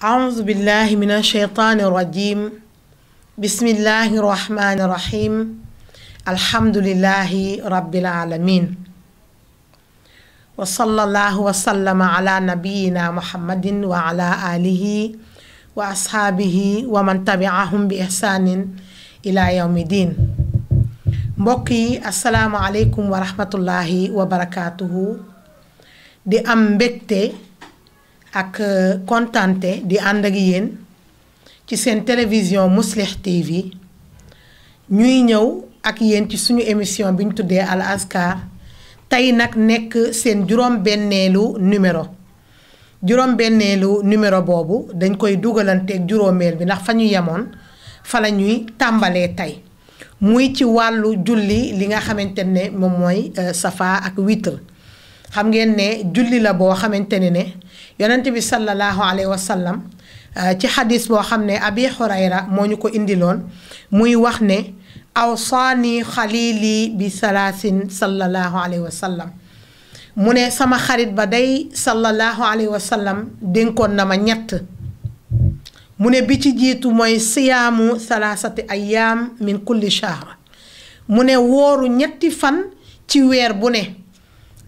أعوذ بالله من الشيطان الرجيم بسم الله الرحمن الرحيم الحمد لله رب العالمين وصلى الله وسلم على نبينا محمد وعلى آله وأصحابه ومن تبعهم بإحسان إلى يوم الدين mbokk yi asalaamualeykum wa rahmatullahi wa barakaatuhu di am mbégte ak euh, kontante di ànd ak yéen ci seen télévision Mouslih TV ñuy ñëw ak yéen ci suñu émission bi ñu tuddee Al Azkar tey nag nekk seen juróom-benneelu numéro juróom-benneelu numéro boobu dañ koy dugalanteeg juróomeel bi ndax fa ñu yemoon fa la ñuy tàmbalee tey muy ci wàllu julli li nga xamante ne moom mooy euh, safa ak witre xam ngeen ne julli la boo xamante ni ne yonent bi sallallahu alayhi wa euh, ci xadis boo xam ne abi xurayra moo ñu ko indiloon muy wax ne awsaani xalili bi salaasin sallallahu alayhi wa mu ne sama xarit ba day sallallahu alayhi wa sallam dénkoon na ma ñett mu ne bi ci jiitu mooy siyaamu salaasati ayaam min kulli shahr mu ne wooru ñetti fan ci weer bu ne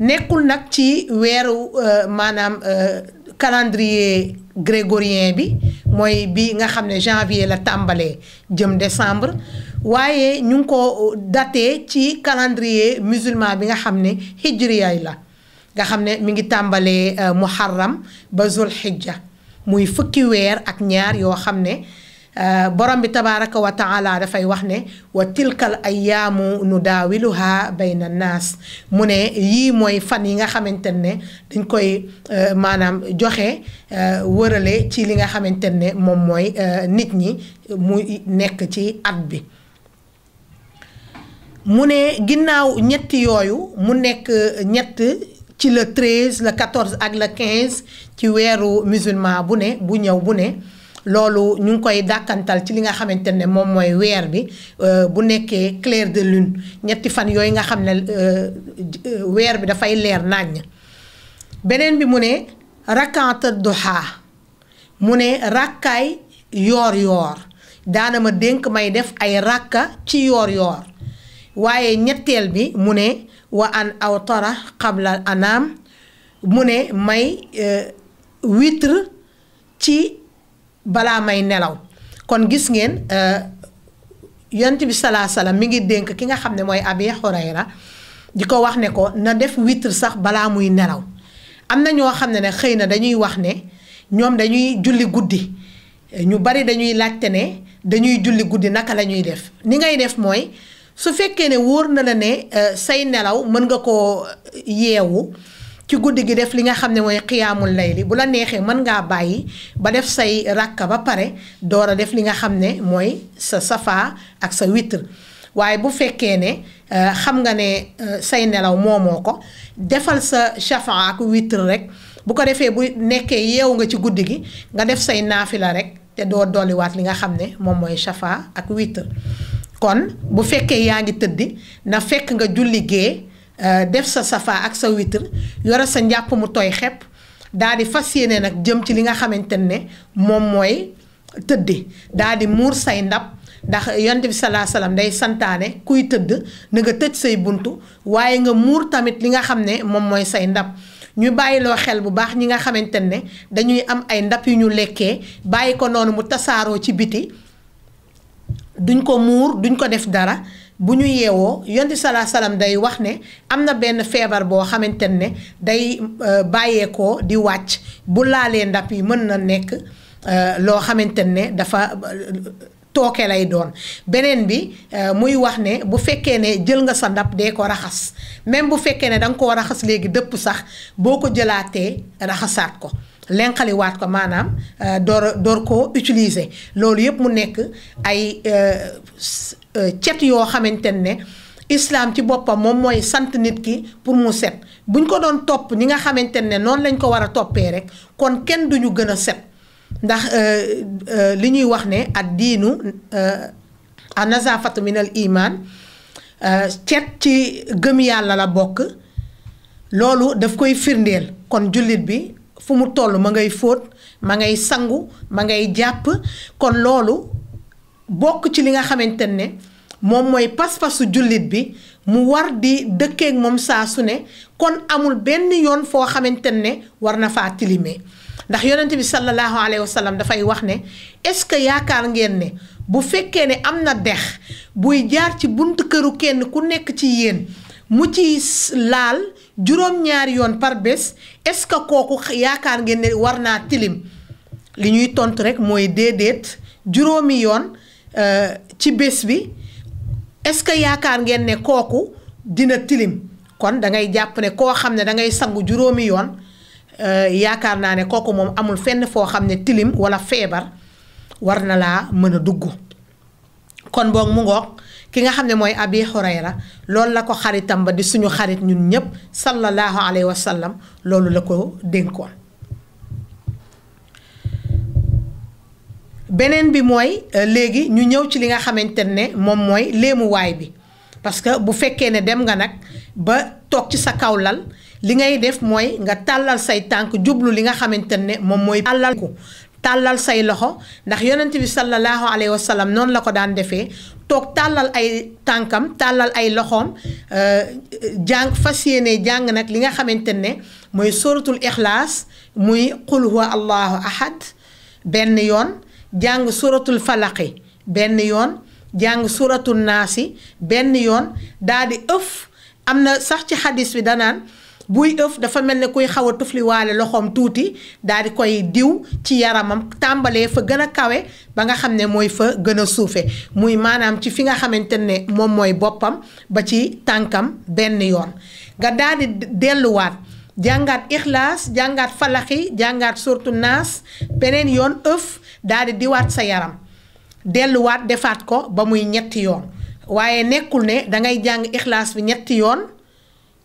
nekkul nag ci weeru euh, maanaam euh, calendrier grégorien bi mooy bi nga xam ne janvier la tàmbalee jëm décembre waaye ñu ngi ko daté ci calendrier musulman bi nga xam ne hijriyaay la nga xam ne mi ngi tàmbalee euh, muharram ba zulhijja muy fukki weer ak ñaar yoo xam ne Eh, borom bi tabaaraka wa taala dafay wax ne wa tilkal ayyaamu nu daawiluha na naas mu ne yii mooy fan yi nga xamante ne dañ koy eh, maanaam joxe eh, wërale ci li nga xamante ne moom mooy nit ñi mu nekk ci at bi mu ne ginnaaw ñetti yooyu mu nekk ñett ci le 13 le 14 ak le 15 ci weeru musulman bu ne bu ñëw bu ne loolu ñu ngi koy dàkkantal ci li nga xamante ne moom mooy weer bi euh, bu nekkee clair de lune ñetti fan yooyu nga xam ne euh, weer bi dafay leer naññ beneen bi mu ne rakkanta duhaa mu ne rakkaay yoor yoor daanama dénk may def ay rakka ci yoor yoor waaye ñetteel bi mu ne wa an awtara xabla anaam mu ne may euh, witre ci balaa may nelaw kon gis ngeen euh, yonent bi salaa salaam mi ngi dénk ki nga xam ne mooy Abi Hurayra di ko wax ne ko na def witr sax balaa muy nelaw am na ñoo xam ne ne xëy na dañuy wax ne ñoom dañuy julli guddi ñu bari dañuy laajte ne dañuy julli guddi naka la ñuy def ni ngay def mooy su fekkee ne wóor na la ne euh, say nelaw mën nga koo euh, yeewu ci guddi gi def li nga xam ne mooy xiyaamul li bu la neexee mën ngaa bàyyi ba def say ràkka ba pare door a def li nga xam ne mooy sa safa ak sa witr waaye bu fekkee ne euh, xam nga ne euh, say nelaw moomoo ko defal sa safa ak rek bu ko defee bu nekkee yeewu nga ci guddi gi nga def say naafila rek te doo dolliwaat li nga xam ne moom mooy safa ak witr kon bu fekkee yaa ngi tëdd na fekk nga julli gee Euh, def sa safa ak sa witre yore sa njàpp mu tooy xepp daal di fas yéene nag jëm ci li nga xamante ne moom mooy tëdde daal di muur say ndab ndax yonte bi salaa salaam day santaane kuy tëdd na tëj say bunt waaye nga muur tamit li nga xam ne moom mooy say ndab ñu bàyyiloo xel bu baax ñi nga xamante ne dañuy am ay ndab yu ñu lekkee bàyyi ko noonu mu tasaaroo ci biti duñ ko muur duñ ko def dara bu ñu yeewoo yonti salaa salaam day wax ne am na benn feebar boo xamante ne day euh, bàyyeekoo di wàcc bu laalee ndab yi mën na nekk euh, loo xamante ne dafa euh, tooke lay doon beneen bi muy wax ne bu fekkee ne jël nga sa ndab dee ko raxas même bu fekkee ne da nga koo raxas léegi dëpp sax boo ko jëlaatee raxasaat ko lenqaliwaat ko maanaam door door koo utiliser loolu yëpp mu nekk ay. Euh, cet yoo xamante ne islaam ci boppam moom mooy sant nit ki pour mu set buñ ko doon topp ni nga xamante ne noonu lañ ko war a toppee rek kon kenn du ñu gën a set ndax euh, euh, li ñuy wax ne ad diinu a nazafatu min al iman cet ci gëm yàlla la bokk loolu daf koy firndeel kon jullit bi fu mu toll ma ngay fóot ma ngay sangu ma ngay jàpp kon loolu bokk ci li nga xamante ne moom mooy pas-pasu jullit bi mu war di dëkkeek moom saa su ne kon amul benn yoon foo xamante ne war na faa tilimee ndax yonent bi sallallahu alayhi wa dafay wax ne est-ce que yaakaar ngeen ne bu fekkee ne am na dex buy jaar ci bunt këru kenn ku nekk ci yéen mu ci laal juróom-ñaari yoon par bés est-ce que kooku yaakaar ngeen ne war naa tilim li ñuy tontu rek mooy déedéet juróomi yoon. Euh, ci bés bi est-ce que yaakaar ngeen ne kooku dina tilim kon da ngay jàpp ne koo xam ne dangay sangu juróomi yoon euh, yaakaar naa ne kooku moom amul fenn foo xam ne tilim walla feebar war na laa mën a dugg kon boog mu ngoog ki nga xam ne mooy abi xurayra loolu la ko xaritam ba di suñu xarit ñun ñëpp sallallahu alayhi wa sallam loolu la ko dénkoon beneen bi mooy euh, léegi ñu ñëw ci li nga xamante ne moom mooy léemuwaay bi parce que bu fekkee ne dem nga nag ba toog ci sa kaw lal li ngay def mooy nga tàllal say tànk jublu li nga xamante ne moom mooy tàllal tàllal say loxo ndax yonent bi sallallahu noonu la ko daan defee toog tàllal ay tànkam tàllal ay loxoom euh, jàng fas yéene jàng nag li nga xamante ne mooy sóoratul ixlaas muy qul huwa allahu ahad benn yoon jàng suratul falaqi benn yoon jàng suratul naasi benn yoon daa di ëf am na sax ci xadis bi danaan buy ëf dafa mel ne kuy xaw a tufliwaale loxoom tuuti daal di koy diw ci yaramam tàmbalee fa gën a kawe ba nga xam ne mooy fa gën a suufe muy maanaam ci fi nga xamante ne moom mooy boppam ba ci tànkam benn yoon nga daal delluwaat jàngaat ixlaas jàngaat falaxi jàngaat surtu naas beneen yoon ëf daal di diwaat sa yaram delluwaat defaat ko ba muy ñetti yoon waaye nekkul ne dangay jàng ixlaas bi ñetti yoon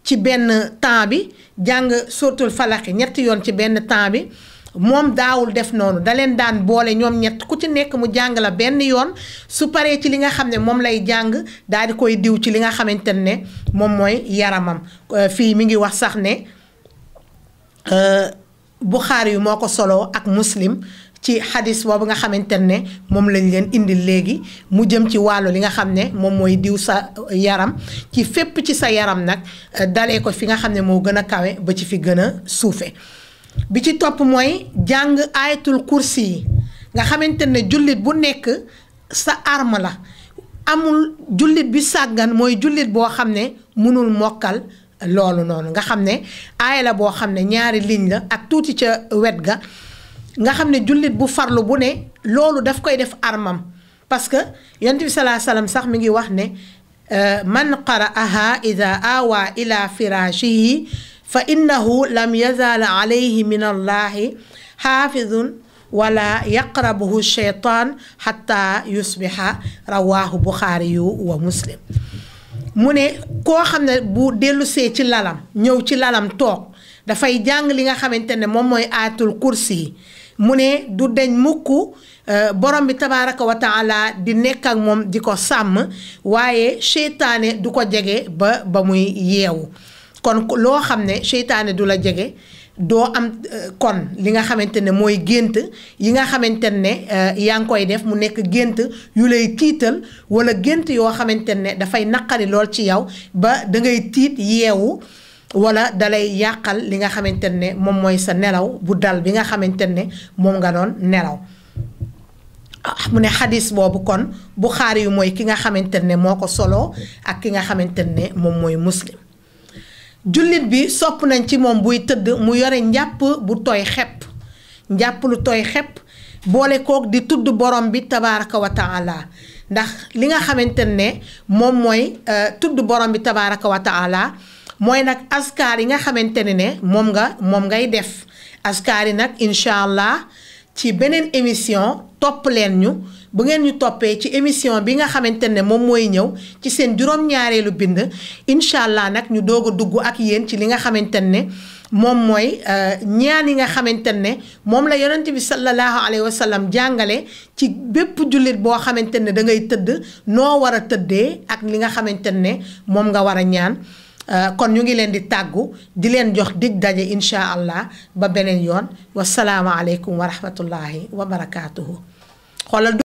ci benn temps bi jàng surtul falaxi ñetti yoon ci benn temps bi moom daawul def noonu da leen daan boole ñoom ñett ku ci nekk mu jàng la benn yoon su paree ci li nga xam ne moom lay jàng daal di koy diw ci li nga xamante ne moom mooy yaramam euh, fii mi ngi wax sax ne Euh, Buxaari yu moo ko soloo ak muslim ci xadis boobu nga xamante ne moom lañ leen indil léegi mu jëm ci wàllu li nga xam ne moom mooy diw sa yaram ci fépp ci sa yaram nag euh, dalee ko fi nga xam ne moo gën a kawe ba ci fi gën a suufee bi ci topp mooy jàng ayatul kursi yi nga xamante ne jullit bu nekk sa arme la amul jullit bi sàggan mooy jullit boo xam ne mënul mokkal loolu noonu nga xam ne aaya la boo xam ne ñaari ligne la ak tuuti ca wet ga nga xam ne jullit bu farlu bu ne loolu daf koy def armam parce que yonent sax mi ngi wax ne euh, man qara'aha ida awa ila firashihi fa innahu lam yazal alayhi min allahi xaafidun wala yaqrabuhu cheytaan xata yusbixa rawaahu buxaari wa muslim mu ne koo xam ne bu dellusee ci lalam ñëw ci lalam toog dafay jàng li nga xamante ne moom mooy aatul kursi yi mu ne du deñ mukk euh, borom bi tabaaraka wa taala di nekk ak moom di ko sàmm waaye seytaane du ko jege ba ba muy yeewu kon loo xam ne seytaane du la jege doo am euh, kon li nga xamante ne mooy gént yi nga xamante ne euh, yaa ngi koy def mu nekk gént yu lay tiital wala gént yoo xamante ne dafay naqari lool ci yow ba dangay tiit yeewu wala dalay yàqal li nga xamante ne moom mooy sa nelaw bu dal bi nga xamante ne moom nga doon nelaw ah, mu ne xadis boobu kon bu xaar yu mooy ki nga xamante ne moo ko solo ak ki nga xamante ne moom mooy muslim jullit bi sopp nañ ci moom buy tëdd mu yore njàpp bu tooy xepp njàpp lu tooy xepp boole kook di tudd borom bi tabaaraka wa ndax li nga xamante ne moom mooy euh, tudd borom bi tabaaraka wa taala mooy nag askaar yi nga xamante ne ne moom nga moom ngay def askaar yi nag incha allah ci beneen émission topp leen ñu bu ngeen ñu toppee ci émission bi nga xamante ne moom mooy ñëw ci seen juróom-ñaareelu bind incha allah nag ñu doog a dugg ak yéen ci li nga xamante ne moom mooy euh, ñaan yi nga xamante ne moom la yonent bi sallallahu alayhi wa sallam jàngale ci bépp jullit boo xamante ne da ngay tëdd noo war a tëddee ak li nga xamante ne moom nga war a ñaan euh, kon ñu ngi leen di tàggu di leen jox dig daje incha allah ba beneen yoon wasalaamaaleykum wa rahmatullahi wa barakaatuhu xoolal